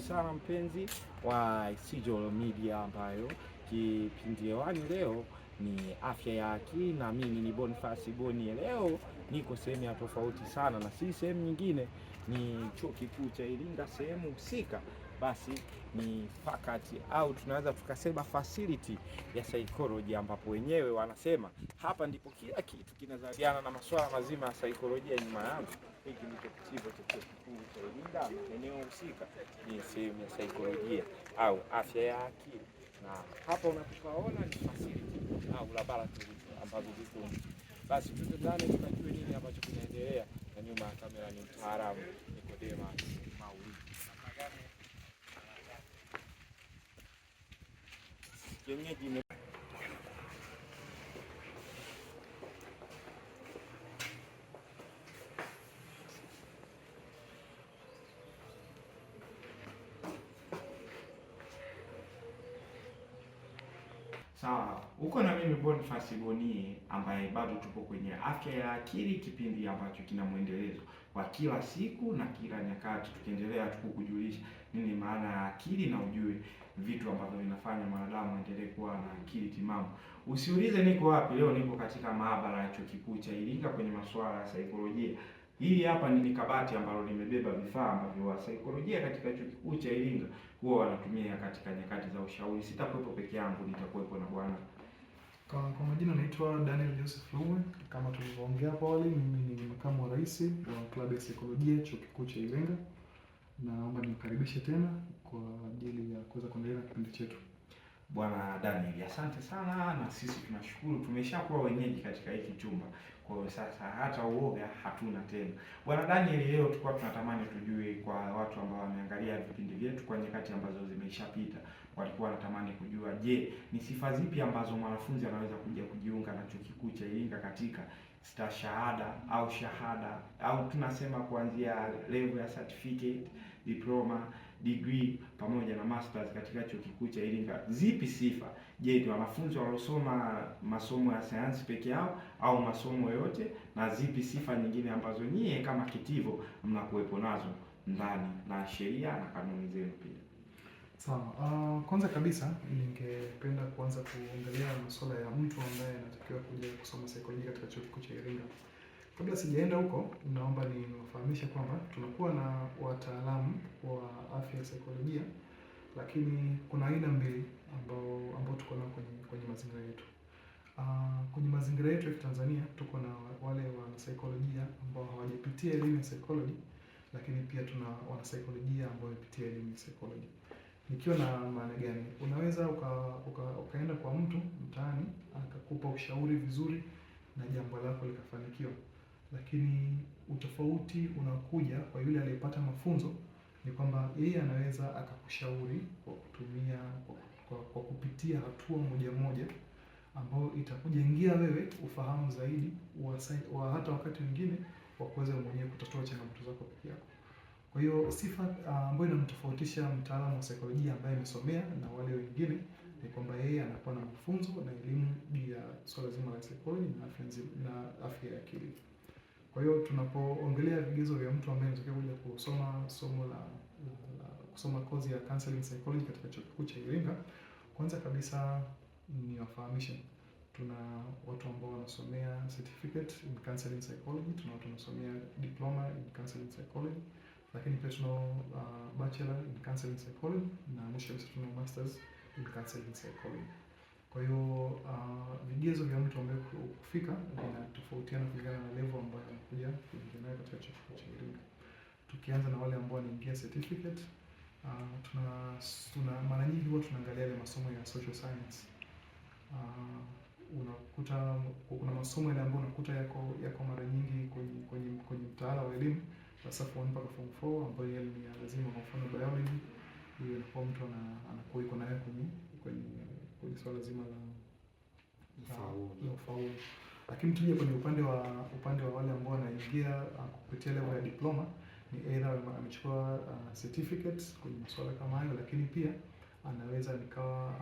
sana mpenzi wa Sijolo Media, ambayo kipindi hewani leo ni afya ya akili, na mimi ni Bonifasi Boni. Leo niko sehemu ya tofauti sana, na si sehemu nyingine, ni chuo kikuu cha Iringa, sehemu husika basi ni faculty au tunaweza tukasema facility ya psychology, ambapo wenyewe wanasema hapa ndipo kila kitu kinazaliana na masuala mazima ya saikolojia. Nyuma yangu hiki ni kitivo cha chuo kikuu cha Iringa, eneo husika ni sehemu ya saikolojia au afya ya akili, na hapa unapopaona ni facility au laboratory ambazo ziko basi, tutendane tunajue nini ambacho kinaendelea, na nyuma ya kamera ni mtaalamu kienyeji Sawa, uko na mimi Boniface Gonie ambaye bado tupo kwenye afya ya akili, kipindi ambacho kina mwendelezo kwa kila siku na kila nyakati, tukiendelea tukukujulisha nini maana ya akili na ujue vitu ambavyo vinafanya mwanadamu aendelee kuwa na akili timamu. Usiulize niko wapi leo, niko katika maabara ya chuo kikuu cha Iringa kwenye masuala ya saikolojia. Hili hapa ni kabati ambalo limebeba vifaa ambavyo wa saikolojia katika chuo kikuu cha Iringa huwa wanatumia katika nyakati za ushauri. Sitakuwepo peke yangu, nitakuwepo na bwana. Kwa, kwa majina naitwa Daniel Joseph Lume. Kama tulivyoongea hapo awali, mimi ni makamu wa rais wa klabu ya saikolojia chuo kikuu cha Iringa. Naomba nikaribishe tena kwa ajili ya kuweza kuendelea na kipindi chetu. Bwana Daniel, asante sana, na sisi tunashukuru tumeshakuwa wenyeji katika hiki chumba. Kwa hiyo sasa hata uoga hatuna tena. Bwana Daniel, leo tulikuwa tunatamani tujue kwa watu ambao wameangalia vipindi vyetu kwa nyakati ambazo zimeshapita, walikuwa wanatamani kujua, je, ni sifa zipi ambazo mwanafunzi anaweza kuja kujiunga na chuo kikuu cha Iringa katika stashahada au shahada au tunasema kuanzia level ya certificate, diploma degree pamoja na masters katika chuo kikuu cha Iringa, zipi sifa? Je, ni wanafunzi waliosoma masomo ya sayansi peke yao au masomo yote? Na zipi sifa nyingine ambazo nyie kama kitivo mnakuwepo nazo ndani na sheria na kanuni zenu pia? Sawa. Uh, kwanza kabisa ningependa kuanza kuongelea masuala ya mtu ambaye anatakiwa kuja kusoma saikolojia katika chuo kikuu cha Iringa. Kabla sijaenda huko, naomba niwafahamishe kwamba tunakuwa na wataalamu wa afya ya saikolojia, lakini kuna aina mbili ambao ambao tuko nao kwenye, kwenye mazingira yetu. Uh, kwenye mazingira yetu ya Tanzania tuko na wale wa saikolojia ambao hawajapitia elimu ya saikolojia, lakini pia tuna wanasaikolojia ambao wamepitia elimu ya saikolojia. Nikiwa na maana gani? Unaweza uka, uka, ukaenda kwa mtu mtaani akakupa ushauri vizuri na jambo lako likafanikiwa lakini utofauti unakuja kwa yule aliyepata mafunzo ni kwamba yeye anaweza akakushauri kwa kutumia kwa, kwa, kwa kupitia hatua moja moja ambayo itakujengia wewe ufahamu zaidi wa hata wakati mwingine wa kuweza mwenyewe kutatua changamoto zako peke yako. Kwa hiyo sifa ah, ambayo inamtofautisha mtaalamu wa saikolojia ambaye amesomea na wale wengine ni kwamba yeye anakuwa na mafunzo na elimu juu ya swala zima la saikolojia na afya ya akili. Kwa hiyo tunapoongelea vigezo vya mtu ambaye anataka kuja kusoma somo la, la kusoma kozi ya counseling psychology katika chuo kikuu cha Iringa, kwanza kabisa ni tuna watu ambao wanasomea certificate in counseling psychology, tuna watu wanasomea diploma in counseling psychology, lakini pia tuna uh, bachelor in counseling psychology na mwisho kabisa tuna masters in counseling psychology. Kwa hiyo uh, vigezo vya mtu ambaye kufika vinatofautiana kulingana na level ambayo amekuja kuingia nayo katika chuo cha elimu. Tukianza na wale ambao wanaingia certificate uh, tuna, tuna mara nyingi huwa tunaangalia ile masomo ya social science uh, unakuta kuna masomo yale ambayo unakuta yako yako mara nyingi kwenye kwenye kwenye mtaala wa elimu sasa form 1 mpaka form 4 ambayo yale ni lazima. Kwa mfano biology, hiyo inakuwa mtu anakuwa iko nayo kwenye kwenye kwenye swala zima la ufaulu Lakini tuje kwenye upande wa upande wa wale ambao wanaingia uh, kupitia level ya diploma, ni aidha amechukua uh, certificate kwenye masuala kama hayo, lakini pia anaweza nikawa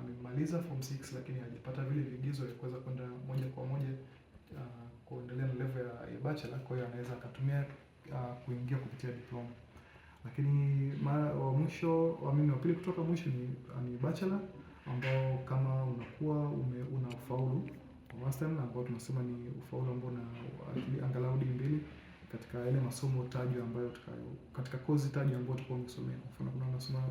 amemaliza form 6 lakini hajapata vile vigezo vya kuweza kwenda moja kwa moja uh, kuendelea na level ya, ya bachelor. Kwa hiyo anaweza akatumia uh, kuingia kupitia diploma, lakini mara wa mwisho wa mimi wa pili kutoka mwisho ni, ni bachelor ambao kama unakuwa ume, una ufaulu wa wastani ambao tunasema ni ufaulu ambao na angalau D mbili katika yale masomo tajwa ambayo tukayo katika kozi tajwa ambayo tulikuwa tumesomea. Kwa mfano, kuna unasoma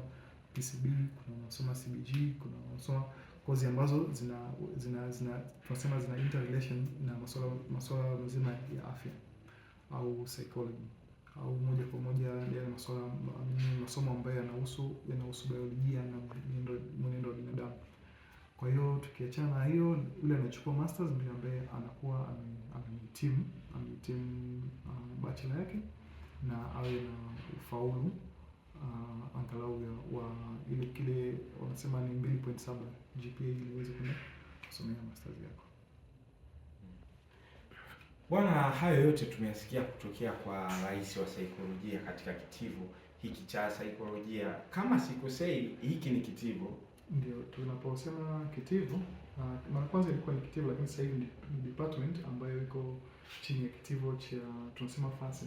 PCB, kuna unasoma CBG, kuna unasoma kozi ambazo zina zina zina tunasema zina interrelation na masuala masuala mzima ya afya au psychology au moja kwa moja yale masuala masomo ambayo yanahusu yanahusu biolojia na mwenendo wa binadamu. Kwa hiyo tukiachana na hiyo, yule anachukua masters ndio ambaye anakuwa amehitimu amehitimu uh, bachelor yake na awe na ufaulu uh, angalau ya wa ile kile wanasema ni 2.7 GPA ili uweze kusomea masters yako. Bwana, hayo yote tumeyasikia kutokea kwa rais wa saikolojia katika kitivo hiki cha saikolojia. Kama sikosei, hiki ni kitivo? Ndio, tunaposema kitivo, uh, mara kwanza ilikuwa ni kitivo, lakini sasa hivi ni department ambayo iko chini ya kitivo cha tunasema fasi,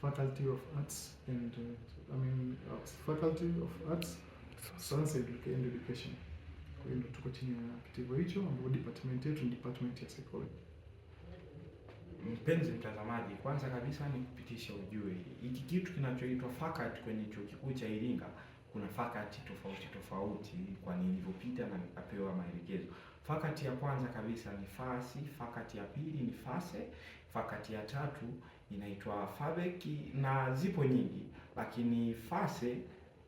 Faculty of Arts and uh, I mean uh, Faculty of Arts Science and Education. Kwa hiyo tuko chini ya kitivo hicho, ambapo department yetu ni department ya psychology. Mpenzi mtazamaji, kwanza kabisa ni kupitisha ujue hiki kitu kinachoitwa fakati kwenye chuo kikuu cha Iringa. Kuna fakati tofauti tofauti, kwa nilivyopita na nikapewa maelekezo. Fakati ya kwanza kabisa ni fasi, fakati ya pili ni fase, fakati ya tatu inaitwa fabeki na zipo nyingi, lakini fase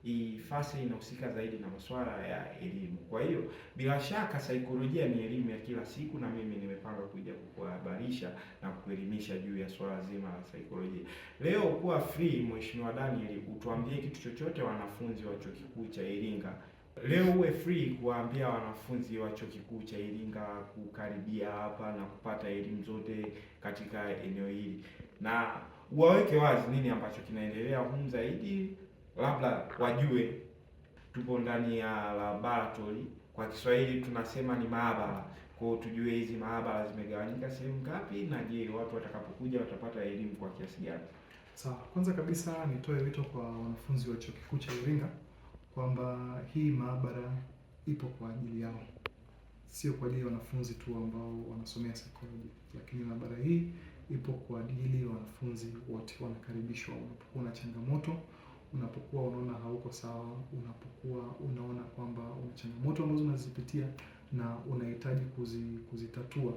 ifasi fasi inahusika zaidi na masuala ya elimu. Kwa hiyo bila shaka saikolojia ni elimu ya kila siku, na mimi nimepanga kuja kukuhabarisha na kukuelimisha juu ya swala zima la saikolojia. Leo kuwa free, Mheshimiwa Daniel, utuambie kitu chochote wanafunzi wa chuo kikuu cha Iringa. Leo uwe free kuwaambia wanafunzi wa chuo kikuu cha Iringa kukaribia hapa na kupata elimu zote katika eneo hili, na uwaweke wazi nini ambacho kinaendelea humu zaidi labda wajue tupo ndani ya laboratory, kwa Kiswahili tunasema ni maabara. Kwa hiyo tujue hizi maabara zimegawanyika sehemu ngapi, na je, watu watakapokuja watapata elimu kwa kiasi gani? Sawa, kwanza kabisa nitoe wito kwa wanafunzi wa Chuo Kikuu cha Iringa kwamba hii maabara ipo kwa ajili yao, sio kwa ajili ya wanafunzi tu ambao wanasomea psychology, lakini maabara hii ipo kwa ajili ya wanafunzi wote. Wanakaribishwa unapokuwa na changamoto unapokuwa unaona hauko sawa, unapokuwa unaona kwamba una changamoto ambazo unazipitia na unahitaji kuzi, kuzitatua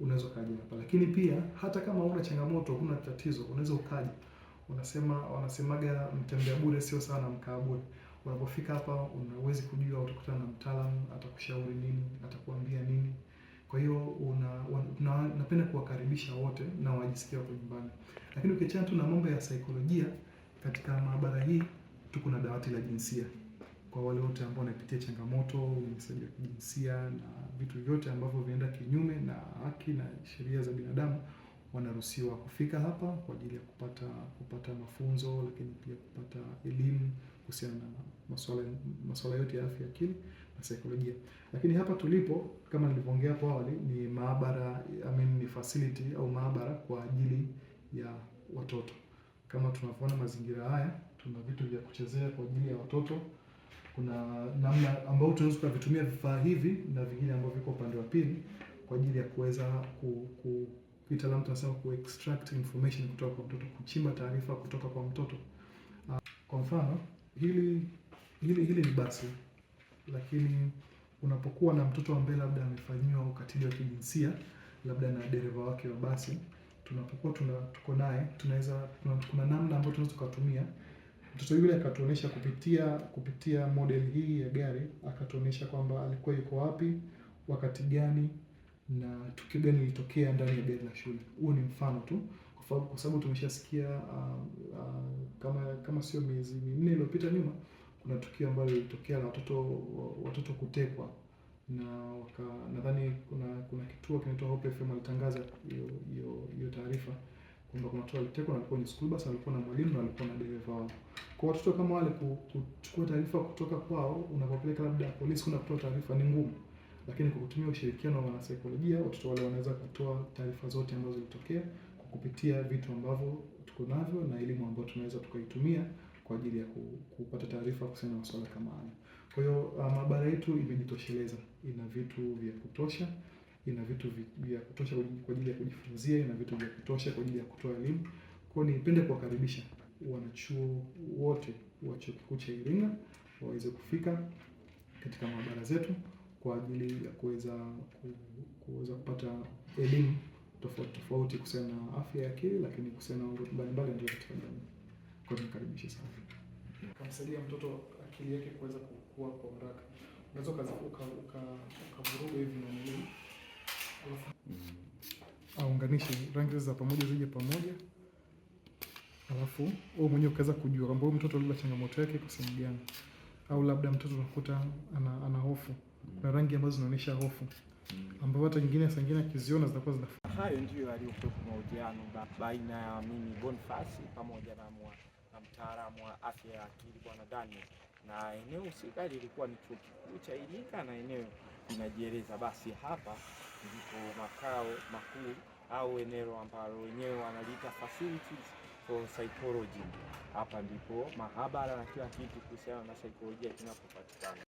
unaweza ukaja hapa. Lakini pia hata kama una changamoto, huna tatizo, unaweza ukaja. Unasema wanasemaga mtembea bure sio sawa na mkaa bure. Unapofika hapa unawezi kujua, utakutana na mtaalamu, atakushauri nini, atakuambia nini. Kwa hiyo una, una, napenda kuwakaribisha wote na wajisikie wako nyumbani, lakini ukiachana tu na mambo ya saikolojia katika maabara hii tuko na dawati la jinsia kwa wale wote ambao wanapitia changamoto unyanyasaji wa kijinsia na vitu vyote ambavyo vinaenda kinyume na haki na sheria za binadamu, wanaruhusiwa kufika hapa kwa ajili ya kupata kupata mafunzo, lakini pia kupata elimu kuhusiana na masuala masuala yote ya afya ya akili na saikolojia. Lakini hapa tulipo, kama nilivyoongea hapo awali, ni maabara I mean, ni facility au maabara kwa ajili ya watoto. Kama tunavyoona mazingira haya, tuna vitu vya kuchezea kwa ajili ya watoto. Kuna namna ambayo tunaweza tukavitumia vifaa hivi na vingine ambavyo viko upande wa pili kwa ajili ya kuweza ku, ku kitaalamu tunasema ku extract information kutoka kwa mtoto, kuchimba taarifa kutoka kwa mtoto. Ah, kwa mfano hili hili hili ni basi, lakini unapokuwa na mtoto ambaye labda amefanyiwa ukatili wa kijinsia labda na dereva wake wa basi tunapokuwa tuna tuko naye tunaweza tuna, kuna namna ambayo tunaweza tukatumia mtoto yule akatuonesha kupitia kupitia model hii ya gari akatuonesha kwamba alikuwa yuko wapi wakati gani na tukio gani lilitokea ndani ya gari la shule. Huo ni mfano tu, kwa sababu tumeshasikia uh, uh, kama kama sio miezi minne iliyopita nyuma, kuna tukio ambalo lilitokea la watoto watoto kutekwa na waka nadhani kuna kuna kituo kinaitwa Hope FM alitangaza hiyo hiyo taarifa kwamba kuna watoto walitekwa na alikuwa ni school bus, alikuwa na mwalimu na alikuwa na dereva wao. Kwa watoto kama wale kuchukua taarifa kutoka kwao, unapopeleka labda polisi kuna kutoa taarifa ni ngumu, lakini kwa kutumia ushirikiano wa wanasaikolojia watoto wale wanaweza kutoa taarifa zote ambazo zilitokea kwa kupitia vitu ambavyo tuko navyo na elimu ambayo tunaweza tukaitumia kwa ajili ya kupata taarifa kuhusiana na masuala kama haya. Kwa hiyo ah, maabara yetu imejitosheleza, ina vitu vya kutosha ina vitu vya kutosha kwa ajili ya kujifunzia, ina vitu vya kutosha kwa ajili ya kutoa elimu. Kwa hiyo nipende kuwakaribisha wanachuo wote wa Chuo Kikuu cha Iringa waweze kufika katika maabara zetu kwa ajili ya kuweza kuweza kupata elimu tofauti tofauti kuhusiana na afya ya akili, lakini kuhusiana na mambo mbalimbali ndio katika jamii. Kwa hiyo nikaribisha sana. Kumsaidia mtoto akili yake kuweza kukua kwa haraka. Unaweza ukavuruga hivi na nini Mm. aunganishe rangi za pamoja zije pamoja, alafu wewe mwenyewe ukaweza kujua kwamba huyu mtoto labda changamoto yake iko sehemu gani, au labda mtoto unakuta ana, ana hofu na rangi ambazo zinaonyesha hofu mm. ambapo hata nyingine saa nyingine akiziona zinakuwa zina hayo. Ndiyo yaliyokuwepo mahojiano baina ya mimi Bonifasi pamoja na na mtaalamu wa afya ya akili bwana Daniel, na eneo husika lilikuwa ni chuo kikuu cha Iringa na eneo inajieleza. Basi hapa ndipo makao makuu au eneo ambalo wenyewe wanaliita facilities for psychology. Hapa ndipo mahabara na kila kitu kuhusiana na saikolojia kinapopatikana.